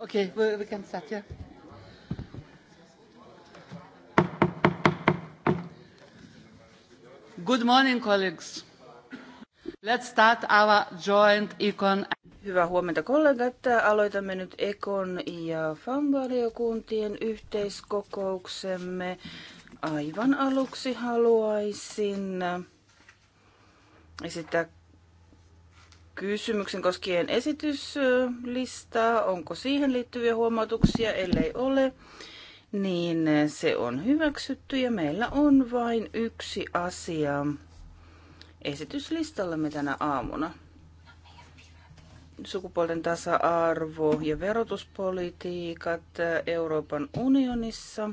Okay, we, we can start, yeah. Good morning, colleagues. Let's start our joint econ. Hyvää huomenta kollegat. Aloitamme nyt Ekon ja FAM-valiokuntien yhteiskokouksemme. Aivan aluksi haluaisin esittää kysymyksen koskien esityslistaa. Onko siihen liittyviä huomautuksia? Ellei ole, niin se on hyväksytty ja meillä on vain yksi asia esityslistallamme tänä aamuna. Sukupuolten tasa-arvo ja verotuspolitiikat Euroopan unionissa.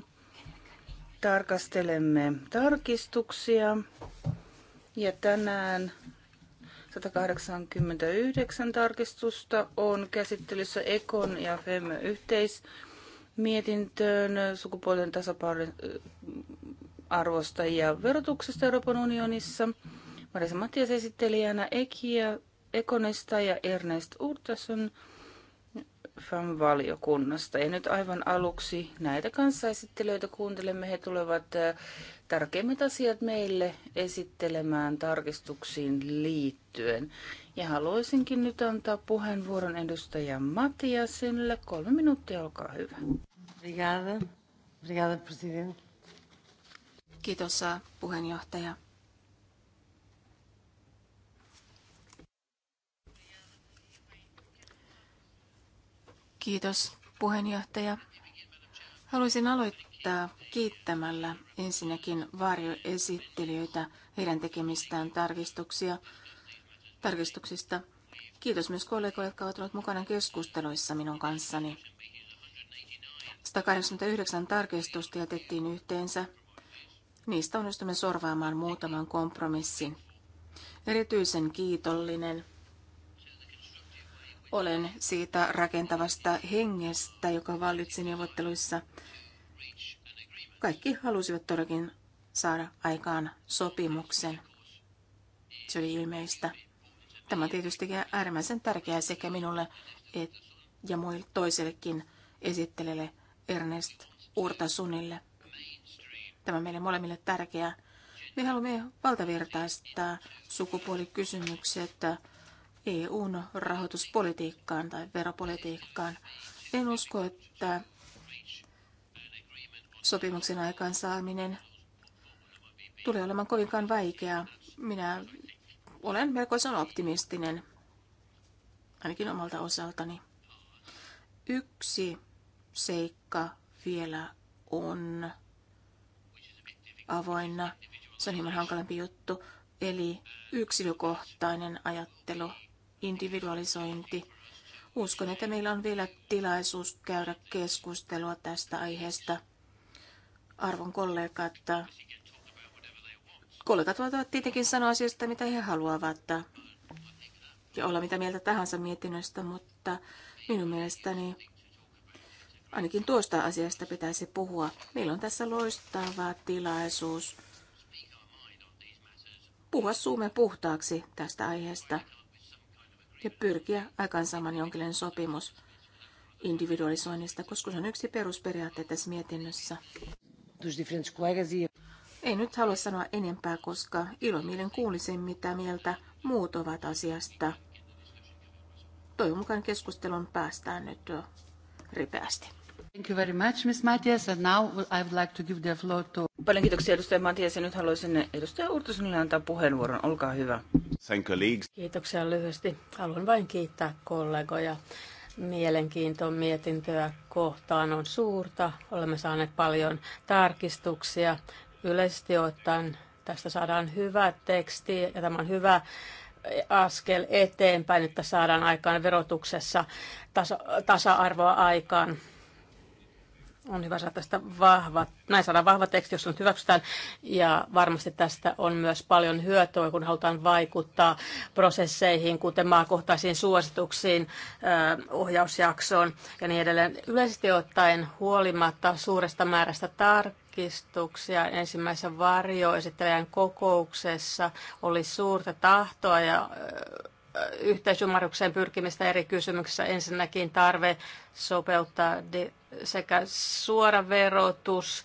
Tarkastelemme tarkistuksia ja tänään 189 tarkistusta on käsittelyssä Ekon ja FEM yhteismietintöön sukupuolten tasapainon arvosta ja verotuksesta Euroopan unionissa. Marisa Mattias esittelijänä Ekia, Ekonesta ja Ernest Urtason FAM-valiokunnasta. Ja nyt aivan aluksi näitä kanssaesittelijöitä kuuntelemme. He tulevat äh, tärkeimmät asiat meille esittelemään tarkistuksiin liittyen. Ja haluaisinkin nyt antaa puheenvuoron edustaja Matiasille. Kolme minuuttia, olkaa hyvä. Brigada. Brigada, president. Kiitos äh, puheenjohtaja. Kiitos puheenjohtaja. Haluaisin aloittaa kiittämällä ensinnäkin varjoesittelijöitä heidän tekemistään tarkistuksia, tarkistuksista. Kiitos myös kollegoille, jotka ovat olleet mukana keskusteluissa minun kanssani. 189 tarkistusta jätettiin yhteensä. Niistä onnistumme sorvaamaan muutaman kompromissin. Erityisen kiitollinen olen siitä rakentavasta hengestä, joka vallitsi neuvotteluissa. Kaikki halusivat todellakin saada aikaan sopimuksen. Se oli ilmeistä. Tämä on tietysti äärimmäisen tärkeää sekä minulle et, ja muille toisellekin esittelijälle Ernest Urtasunille. Tämä on meille molemmille tärkeää. Me haluamme valtavirtaistaa sukupuolikysymykset EUn rahoituspolitiikkaan tai veropolitiikkaan. En usko, että sopimuksen aikaansaaminen tulee olemaan kovinkaan vaikeaa. Minä olen melkoisen optimistinen, ainakin omalta osaltani. Yksi seikka vielä on avoinna. Se on hieman hankalampi juttu, eli yksilökohtainen ajattelu individualisointi. Uskon, että meillä on vielä tilaisuus käydä keskustelua tästä aiheesta. Arvon kollegat, kollegat voivat tietenkin sanoa asioista, mitä he haluavat ja olla mitä mieltä tahansa mietinnöstä, mutta minun mielestäni ainakin tuosta asiasta pitäisi puhua. Meillä on tässä loistava tilaisuus puhua suume puhtaaksi tästä aiheesta ja pyrkiä aikaansaamaan jonkinlainen sopimus individualisoinnista, koska se on yksi perusperiaate tässä mietinnössä. E Ei nyt halua sanoa enempää, koska ilomielen kuulisin, mitä mieltä muut ovat asiasta. Toivon mukaan keskustelun päästään nyt ripeästi. Thank you very much, Ms. Matias. And now I would like to give the floor to... Paljon kiitoksia edustaja Matias ja nyt haluaisin edustaja Urtosenille antaa puheenvuoron. Olkaa hyvä. Thank Kiitoksia lyhyesti. Haluan vain kiittää kollegoja. Mielenkiinto mietintöä kohtaan on suurta. Olemme saaneet paljon tarkistuksia. Yleisesti ottaen tästä saadaan hyvä teksti ja tämä on hyvä askel eteenpäin, että saadaan aikaan verotuksessa tasa-arvoa aikaan on hyvä saada tästä vahva, näin saadaan vahva teksti, jos nyt hyväksytään. Ja varmasti tästä on myös paljon hyötyä, kun halutaan vaikuttaa prosesseihin, kuten maakohtaisiin suosituksiin, ohjausjaksoon ja niin edelleen. Yleisesti ottaen huolimatta suuresta määrästä tarkistuksia ensimmäisessä varjoesittelijän kokouksessa oli suurta tahtoa ja yhteisymmärrykseen pyrkimistä eri kysymyksissä. Ensinnäkin tarve sopeuttaa sekä suora verotus,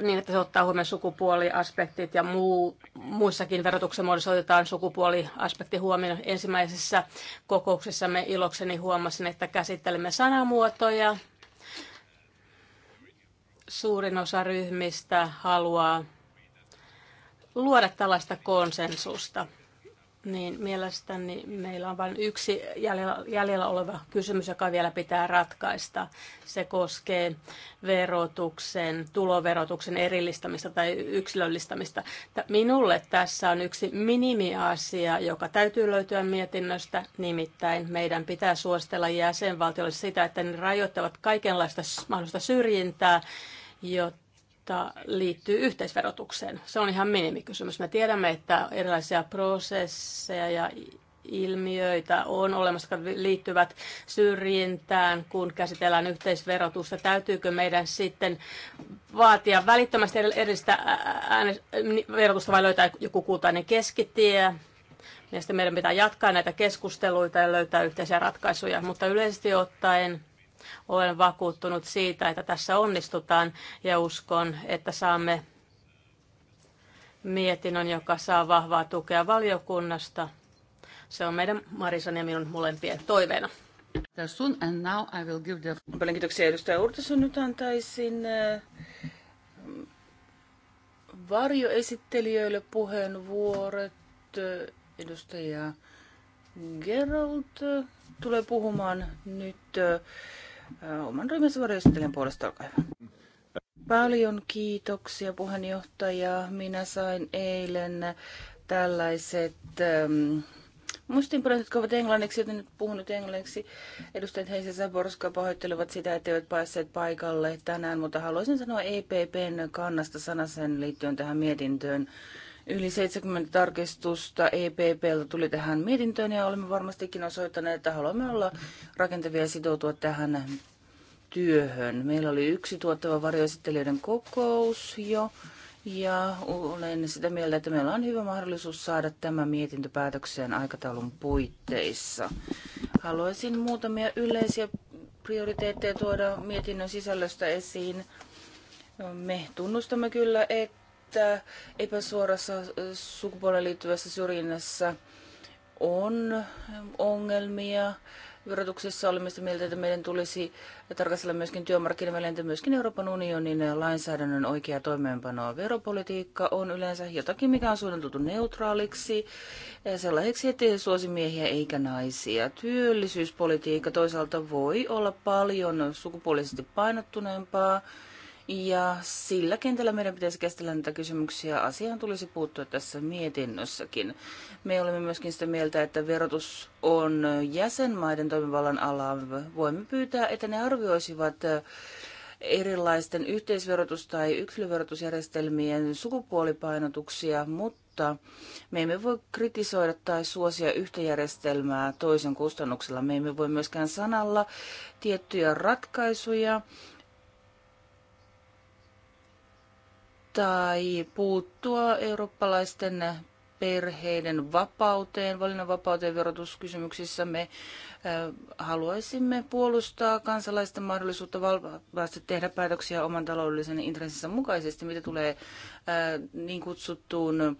niin että se ottaa huomioon sukupuoliaspektit ja muu, muissakin verotuksen muodossa otetaan sukupuoliaspekti huomioon. Ensimmäisessä kokouksessa me ilokseni huomasin, että käsittelemme sanamuotoja. Suurin osa ryhmistä haluaa luoda tällaista konsensusta niin mielestäni meillä on vain yksi jäljellä, jäljellä oleva kysymys, joka vielä pitää ratkaista. Se koskee verotuksen, tuloverotuksen erillistämistä tai yksilöllistämistä. Minulle tässä on yksi minimiasia, joka täytyy löytyä mietinnöstä. Nimittäin meidän pitää suostella jäsenvaltioille sitä, että ne rajoittavat kaikenlaista mahdollista syrjintää, jotta mutta liittyy yhteisverotukseen. Se on ihan minimikysymys. Me tiedämme, että erilaisia prosesseja ja ilmiöitä on olemassa, jotka liittyvät syrjintään, kun käsitellään yhteisverotusta. Täytyykö meidän sitten vaatia välittömästi erillistä verotusta vai löytää joku kultainen keskitie? sitten meidän pitää jatkaa näitä keskusteluita ja löytää yhteisiä ratkaisuja, mutta yleisesti ottaen olen vakuuttunut siitä, että tässä onnistutaan ja uskon, että saamme mietinnön, joka saa vahvaa tukea valiokunnasta. Se on meidän Marisan ja minun molempien toiveena. Paljon kiitoksia edustaja Urtason. Nyt antaisin äh, varjoesittelijöille puheenvuorot. Edustaja Gerald äh, tulee puhumaan nyt äh, oman ryhmänsä varjoesittelijän puolesta. Olkaa hyvä. Paljon kiitoksia puheenjohtaja. Minä sain eilen tällaiset ähm, muistinpanot, jotka ovat englanniksi, joten nyt puhun nyt englanniksi. Edustajat Heise Saborska pahoittelevat sitä, että eivät päässeet paikalle tänään, mutta haluaisin sanoa EPPn kannasta sanasen liittyen tähän mietintöön. Yli 70 tarkistusta EPPltä tuli tähän mietintöön ja olemme varmastikin osoittaneet, että haluamme olla rakentavia sitoutua tähän työhön. Meillä oli yksi tuottava varjoesittelijöiden kokous jo ja olen sitä mieltä, että meillä on hyvä mahdollisuus saada tämä mietintö päätökseen aikataulun puitteissa. Haluaisin muutamia yleisiä prioriteetteja tuoda mietinnön sisällöstä esiin. Me tunnustamme kyllä, että epäsuorassa äh, sukupuoleen liittyvässä syrjinnässä on ähm, ongelmia. Verotuksessa olemme sitä mieltä, että meidän tulisi tarkastella myöskin työmarkkinavälineitä, myöskin Euroopan unionin lainsäädännön oikea toimeenpanoa. Veropolitiikka on yleensä jotakin, mikä on suunniteltu neutraaliksi, äh, sellaiseksi, ettei se suosi miehiä eikä naisia. Työllisyyspolitiikka toisaalta voi olla paljon sukupuolisesti painottuneempaa ja sillä kentällä meidän pitäisi käsitellä näitä kysymyksiä. Asiaan tulisi puuttua tässä mietinnössäkin. Me olemme myöskin sitä mieltä, että verotus on jäsenmaiden toimivallan ala. Voimme pyytää, että ne arvioisivat äh, erilaisten yhteisverotus- tai yksilöverotusjärjestelmien sukupuolipainotuksia, mutta me emme voi kritisoida tai suosia yhtä järjestelmää toisen kustannuksella. Me emme voi myöskään sanalla tiettyjä ratkaisuja tai puuttua eurooppalaisten perheiden vapauteen, valinnanvapauteen verotuskysymyksissä me haluaisimme puolustaa kansalaisten mahdollisuutta valvaasti tehdä päätöksiä oman taloudellisen intressinsä mukaisesti, mitä tulee niin kutsuttuun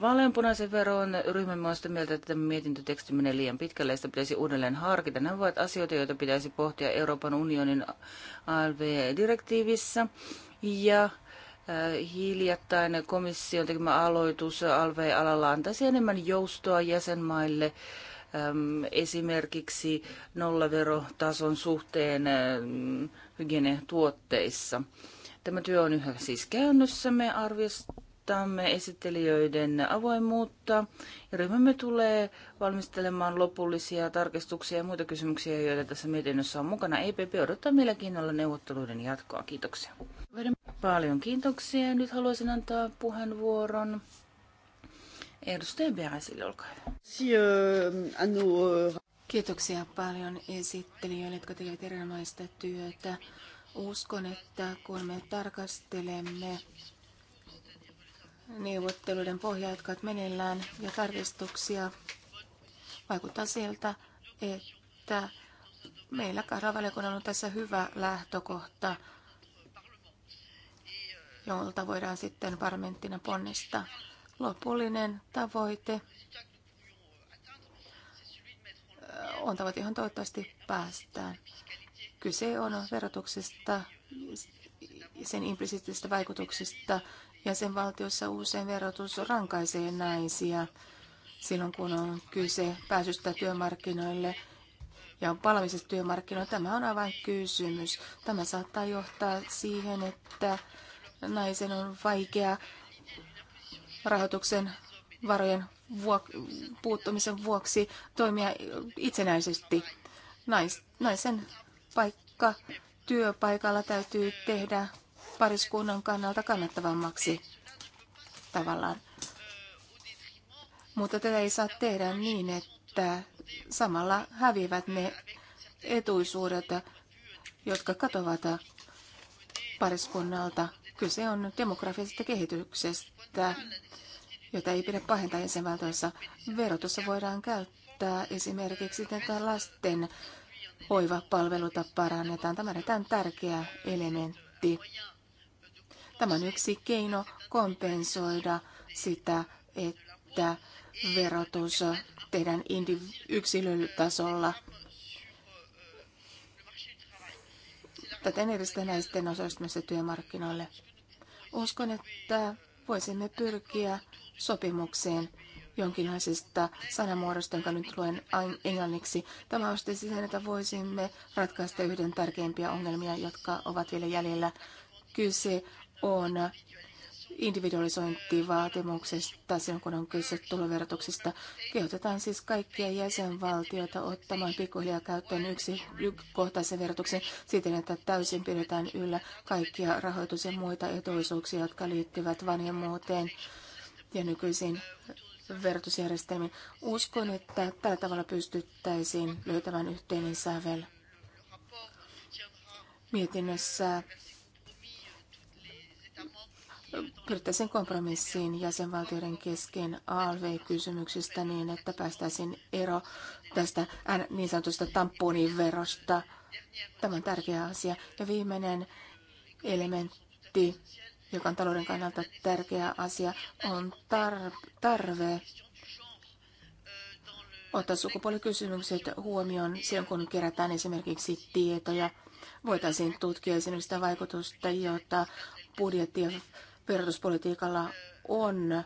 vaaleanpunaisen veroon. Ryhmämme on sitä mieltä, että tämä mietintöteksti menee liian pitkälle ja sitä pitäisi uudelleen harkita. Nämä ovat asioita, joita pitäisi pohtia Euroopan unionin ALV-direktiivissä ja hiljattain komission tekemä aloitus alve-alalla antaisi enemmän joustoa jäsenmaille ähm, esimerkiksi nollaverotason suhteen ähm, hygienetuotteissa. Tämä työ on yhä siis käynnissä. Me arvioimme kunnioitamme esittelijöiden avoimuutta. Ja ryhmämme tulee valmistelemaan lopullisia tarkistuksia ja muita kysymyksiä, joita tässä mietinnössä on mukana. EPP odottaa mielenkiinnolla neuvotteluiden jatkoa. Kiitoksia. Paljon kiitoksia. Nyt haluaisin antaa puheenvuoron edustaja Beresille, olkaa hyvä. Euh, euh, kiitoksia paljon esittelijöille, jotka tekevät erinomaista työtä. Uskon, että kun me tarkastelemme neuvotteluiden pohja, jotka ovat meneillään, ja tarkistuksia. Vaikuttaa siltä, että meillä kahdella on tässä hyvä lähtökohta, jolta voidaan sitten parlamenttina ponnistaa. Lopullinen tavoite on tavoite, johon toivottavasti päästään. Kyse on verotuksesta, sen implisiittisistä vaikutuksista Jäsenvaltiossa usein verotus rankaisee naisia silloin, kun on kyse pääsystä työmarkkinoille ja on palvelisesta työmarkkinoilla. Tämä on aivan kysymys. Tämä saattaa johtaa siihen, että naisen on vaikea rahoituksen varojen vuok- puuttumisen vuoksi toimia itsenäisesti. Nais- naisen paikka työpaikalla täytyy tehdä pariskunnan kannalta kannattavammaksi tavallaan. Mutta tätä ei saa tehdä niin, että samalla häviävät ne etuisuudet, jotka katovat pariskunnalta. Kyse on demografisesta kehityksestä, jota ei pidä pahentaa jäsenvaltoissa. Verotussa voidaan käyttää esimerkiksi tätä lasten hoivapalveluta parannetaan. Tämä on tärkeä elementti Tämä on yksi keino kompensoida sitä, että verotus tehdään yksilötasolla. Täten edistä naisten osallistumista työmarkkinoille. Uskon, että voisimme pyrkiä sopimukseen jonkinlaisesta sanamuodosta, jonka nyt luen englanniksi. Tämä on sitten että voisimme ratkaista yhden tärkeimpiä ongelmia, jotka ovat vielä jäljellä. Kyse on individualisointivaatimuksesta silloin, kun on kyse tuloverotuksesta. Kehotetaan siis kaikkia jäsenvaltioita ottamaan pikkuhiljaa käyttöön yksi kohtaisen verotuksen siten, että täysin pidetään yllä kaikkia rahoitus- ja muita etuisuuksia, jotka liittyvät vanhemmuuteen ja nykyisiin verotusjärjestelmiin. Uskon, että tällä tavalla pystyttäisiin löytämään yhteinen sävel. Mietinnössä pyrittäisiin kompromissiin jäsenvaltioiden kesken ALV-kysymyksistä niin, että päästäisiin ero tästä niin sanotusta tamponin verosta. Tämä on tärkeä asia. Ja viimeinen elementti, joka on talouden kannalta tärkeä asia, on tar- tarve ottaa sukupuolikysymykset huomioon silloin, kun kerätään esimerkiksi tietoja. Voitaisiin tutkia esimerkiksi sitä vaikutusta, jota budjetti ja verotuspolitiikalla on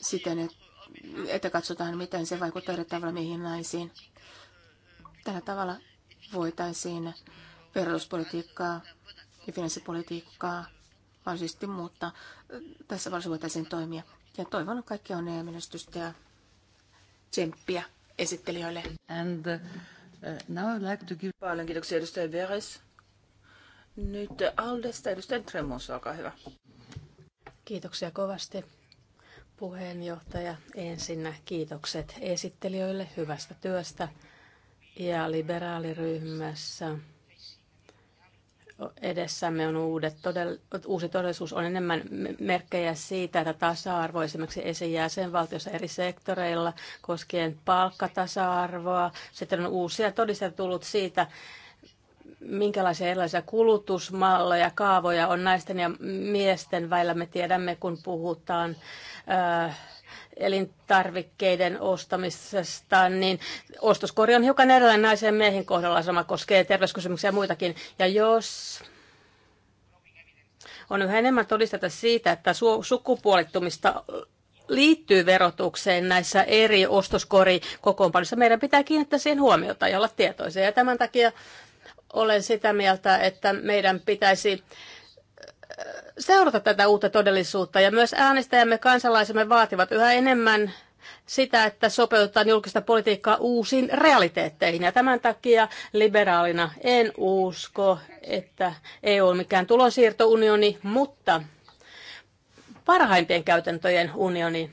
siten, että katsotaan, miten se vaikuttaa eri tavalla mihin naisiin. Tällä tavalla voitaisiin verotuspolitiikkaa ja finanssipolitiikkaa varsinaisesti muuttaa. Tässä varsin voitaisiin toimia. Ja toivon kaikkia onnea ja menestystä ja tsemppiä esittelijöille. And, uh, now I'd like to give... Paljon kiitoksia edustaja Veres. Nyt Aldesta edustaja Tremons, olkaa hyvä. Kiitoksia kovasti puheenjohtaja. Ensinnä kiitokset esittelijöille hyvästä työstä ja liberaaliryhmässä. Edessämme on uudet todell- uusi todellisuus. On enemmän merkkejä siitä, että tasa-arvo esimerkiksi esi- jäsenvaltiossa eri sektoreilla koskien palkkatasa-arvoa. Sitten on uusia todisteita tullut siitä, minkälaisia erilaisia kulutusmalleja, kaavoja on naisten ja miesten välillä. Me tiedämme, kun puhutaan elintarvikkeiden ostamisesta, niin ostoskori on hiukan erilainen naisen ja miehen kohdalla. Sama koskee terveyskysymyksiä ja muitakin. Ja jos on yhä enemmän todisteta siitä, että sukupuolittumista liittyy verotukseen näissä eri ostoskori kokoonpanoissa. Meidän pitää kiinnittää siihen huomiota ja olla tietoisia. Ja tämän takia olen sitä mieltä, että meidän pitäisi äh, seurata tätä uutta todellisuutta ja myös äänestäjämme kansalaisemme vaativat yhä enemmän sitä, että sopeutetaan julkista politiikkaa uusiin realiteetteihin. Ja tämän takia liberaalina en usko, että EU on mikään tulonsiirtounioni, mutta parhaimpien käytäntöjen unioni.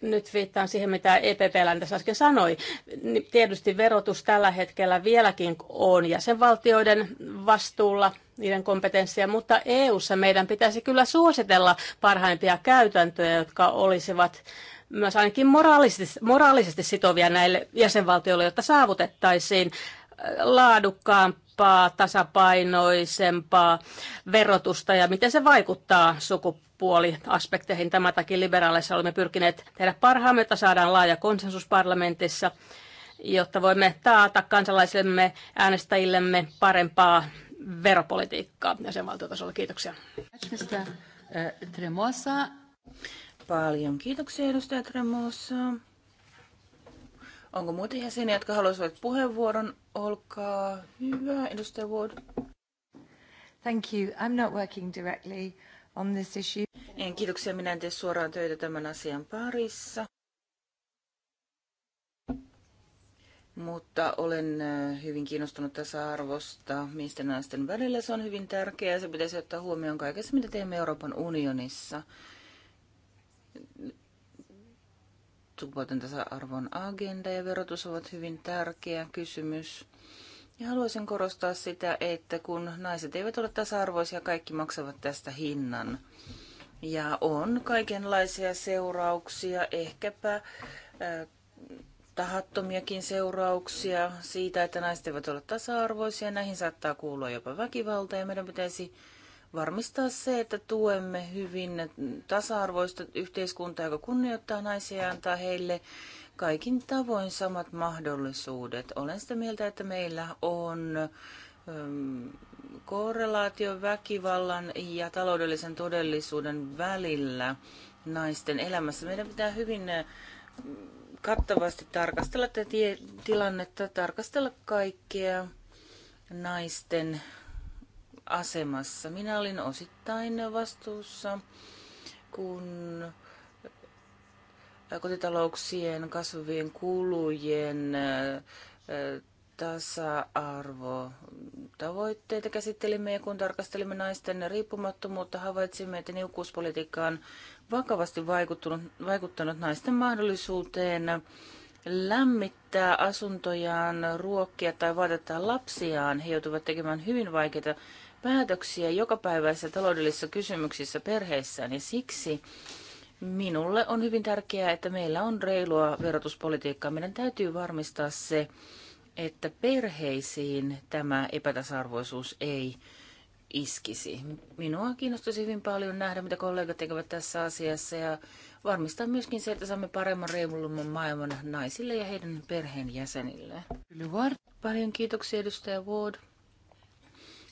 Nyt viittaan siihen, mitä EPP-län tässä äsken sanoi. Niin tietysti verotus tällä hetkellä vieläkin on jäsenvaltioiden vastuulla niiden kompetenssia, mutta EU:ssa meidän pitäisi kyllä suositella parhaimpia käytäntöjä, jotka olisivat myös ainakin moraalisesti, moraalisesti sitovia näille jäsenvaltioille, jotta saavutettaisiin laadukkaampaa, tasapainoisempaa verotusta ja miten se vaikuttaa sukupuoliaspekteihin. Tämän takia liberaaleissa olemme pyrkineet tehdä parhaamme, että saadaan laaja konsensus parlamentissa, jotta voimme taata kansalaisillemme, äänestäjillemme parempaa veropolitiikkaa Ja valtiotasolla. Kiitoksia. Paljon kiitoksia edustaja Tremosa. Onko muita jäseniä, jotka haluaisivat puheenvuoron? Olkaa hyvä, edustaja Wood. Thank you. I'm not working directly on this issue. En, kiitoksia. Minä en tee suoraan töitä tämän asian parissa. Mutta olen hyvin kiinnostunut tasa-arvosta miesten ja naisten välillä. Se on hyvin tärkeää ja se pitäisi ottaa huomioon kaikessa, mitä teemme Euroopan unionissa sukupuolten tasa-arvon agenda ja verotus ovat hyvin tärkeä kysymys. Ja haluaisin korostaa sitä, että kun naiset eivät ole tasa-arvoisia, kaikki maksavat tästä hinnan. Ja on kaikenlaisia seurauksia, ehkäpä äh, tahattomiakin seurauksia siitä, että naiset eivät ole tasa-arvoisia. Näihin saattaa kuulua jopa väkivalta ja meidän pitäisi varmistaa se, että tuemme hyvin tasa-arvoista yhteiskuntaa, joka kunnioittaa naisia ja antaa heille kaikin tavoin samat mahdollisuudet. Olen sitä mieltä, että meillä on ähm, korrelaatio väkivallan ja taloudellisen todellisuuden välillä naisten elämässä. Meidän pitää hyvin äh, kattavasti tarkastella tätä tilannetta, tarkastella kaikkea naisten asemassa. Minä olin osittain vastuussa, kun kotitalouksien kasvavien kulujen tasa-arvo tavoitteita käsittelimme ja kun tarkastelimme naisten riippumattomuutta, havaitsimme, että on vakavasti vaikuttunut, vaikuttanut naisten mahdollisuuteen lämmittää asuntojaan, ruokkia tai vaatettaa lapsiaan. He joutuvat tekemään hyvin vaikeita päätöksiä jokapäiväisissä taloudellisissa kysymyksissä perheissään ja siksi minulle on hyvin tärkeää, että meillä on reilua verotuspolitiikkaa. Meidän täytyy varmistaa se, että perheisiin tämä epätasarvoisuus ei iskisi. Minua kiinnostaisi hyvin paljon nähdä, mitä kollegat tekevät tässä asiassa ja varmistaa myöskin se, että saamme paremman reilumman maailman naisille ja heidän perheenjäsenilleen. Paljon kiitoksia edustaja Ward.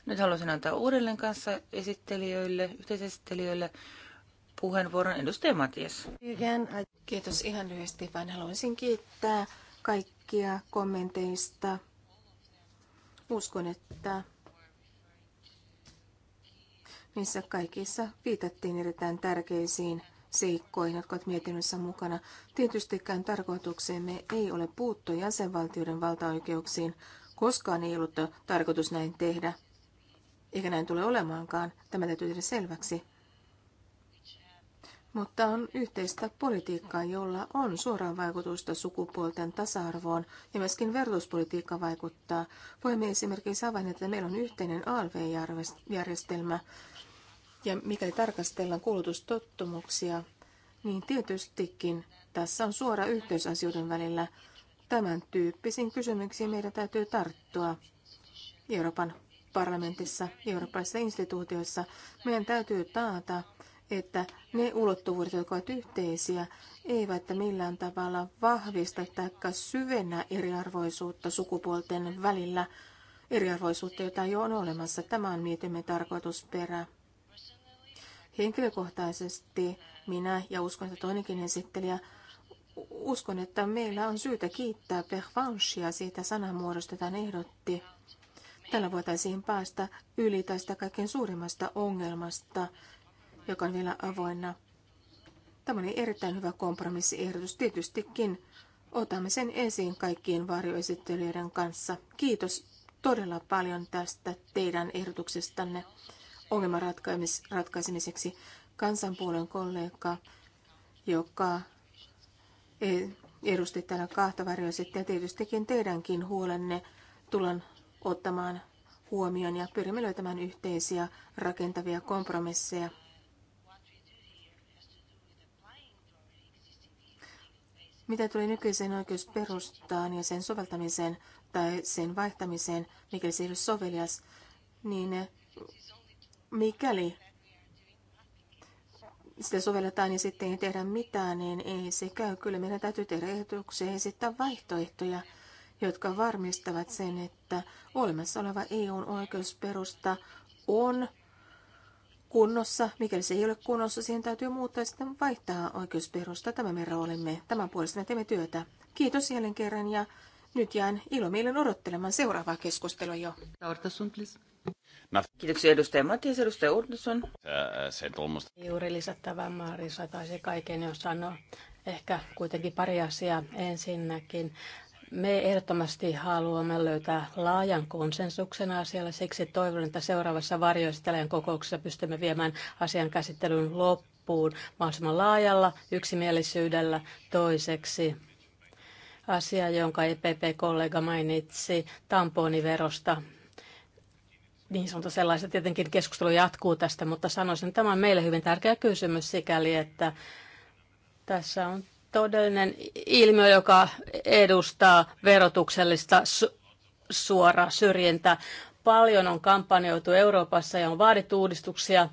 Nyt haluaisin antaa uudelleen kanssa esittelijöille, yhteisesittelijöille puheenvuoron edustaja Matias. Kiitos ihan lyhyesti, vaan haluaisin kiittää kaikkia kommenteista. Uskon, että niissä kaikissa viitattiin erittäin tärkeisiin seikkoihin, jotka ovat mietinnössä mukana. Tietystikään tarkoitukseemme ei ole puuttua jäsenvaltioiden valtaoikeuksiin. Koskaan ei ollut tarkoitus näin tehdä eikä näin tule olemaankaan. Tämä täytyy tehdä selväksi. Mutta on yhteistä politiikkaa, jolla on suoraan vaikutusta sukupuolten tasa-arvoon ja myöskin verotuspolitiikka vaikuttaa. Voimme esimerkiksi havaita, että meillä on yhteinen ALV-järjestelmä. Ja mikäli tarkastellaan kulutustottumuksia, niin tietystikin tässä on suora yhteys asioiden välillä. Tämän tyyppisiin kysymyksiin meidän täytyy tarttua Euroopan parlamentissa, eurooppalaisissa instituutioissa, meidän täytyy taata, että ne ulottuvuudet, jotka ovat yhteisiä, eivät millään tavalla vahvista tai syvennä eriarvoisuutta sukupuolten välillä, eriarvoisuutta, jota jo on olemassa. Tämä on mietimme tarkoitusperä. Henkilökohtaisesti minä ja uskon, että toinenkin esittelijä uskon, että meillä on syytä kiittää Pervanchia siitä sanamuodosta, jota hän ehdotti. Tällä voitaisiin päästä yli tästä kaikkein suurimmasta ongelmasta, joka on vielä avoinna. Tämä oli erittäin hyvä kompromissiehdotus. Tietystikin otamme sen esiin kaikkien varjoesittelijöiden kanssa. Kiitos todella paljon tästä teidän ehdotuksestanne ongelman ratkaisemiseksi. Kansanpuolen kollega, joka e- edusti täällä kahta varjoesittelijä, tietystikin teidänkin huolenne tullaan ottamaan huomioon ja pyrimme löytämään yhteisiä rakentavia kompromisseja. Mitä tuli nykyiseen oikeusperustaan ja sen soveltamiseen tai sen vaihtamiseen, mikäli se ei ole sovelias, niin mikäli sitä sovelletaan ja sitten ei tehdä mitään, niin ei se käy. Kyllä meidän täytyy tehdä ehdotuksia ja esittää vaihtoehtoja jotka varmistavat sen, että olemassa oleva EUn oikeusperusta on kunnossa. Mikäli se ei ole kunnossa, siihen täytyy muuttaa ja sitten vaihtaa oikeusperusta. Tämä me roolimme. Tämän puolesta me teemme työtä. Kiitos jälleen kerran ja nyt jään ilomielen odottelemaan seuraavaa keskustelua jo. No. Kiitoksia edustaja Mattias, edustaja Urtason. Juuri lisättävää Marisa taisi kaiken jo sanoa. Ehkä kuitenkin pari asiaa. Ensinnäkin me ehdottomasti haluamme löytää laajan konsensuksen asialla, siksi toivon, että seuraavassa varjoistelijan kokouksessa pystymme viemään asian käsittelyn loppuun mahdollisimman laajalla yksimielisyydellä toiseksi. Asia, jonka EPP-kollega mainitsi tamponiverosta, niin sanotaan sellaista. Tietenkin keskustelu jatkuu tästä, mutta sanoisin, että tämä on meille hyvin tärkeä kysymys sikäli, että tässä on todellinen ilmiö, joka edustaa verotuksellista su- suoraa syrjintää. Paljon on kampanjoitu Euroopassa ja on vaadittu uudistuksia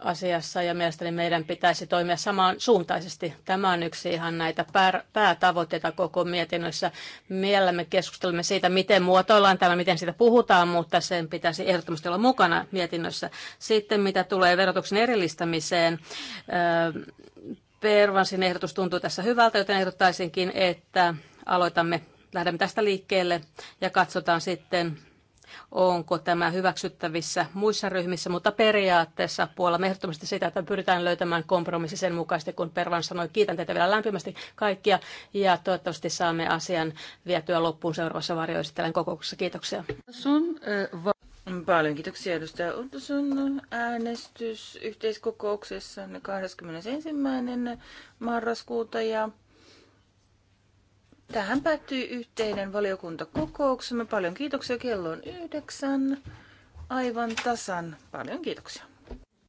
asiassa ja mielestäni meidän pitäisi toimia samaan suuntaisesti. Tämä on yksi ihan näitä päätavoitteita koko mietinnössä. Mielellämme keskustelemme siitä, miten muotoillaan tämä, miten siitä puhutaan, mutta sen pitäisi ehdottomasti olla mukana mietinnössä. Sitten mitä tulee verotuksen erillistämiseen, Pervansin ehdotus tuntuu tässä hyvältä, joten ehdottaisinkin, että aloitamme, lähdemme tästä liikkeelle ja katsotaan sitten, onko tämä hyväksyttävissä muissa ryhmissä, mutta periaatteessa puolella ehdottomasti sitä, että pyritään löytämään kompromissi sen mukaisesti, kun Pervan sanoi, kiitän teitä vielä lämpimästi kaikkia ja toivottavasti saamme asian vietyä loppuun seuraavassa varjoisittelen kokouksessa. Kiitoksia. Paljon kiitoksia edustaja Uttoson äänestys yhteiskokouksessa 21. marraskuuta ja tähän päättyy yhteinen valiokuntakokouksemme. Paljon kiitoksia, kello on yhdeksän aivan tasan. Paljon kiitoksia.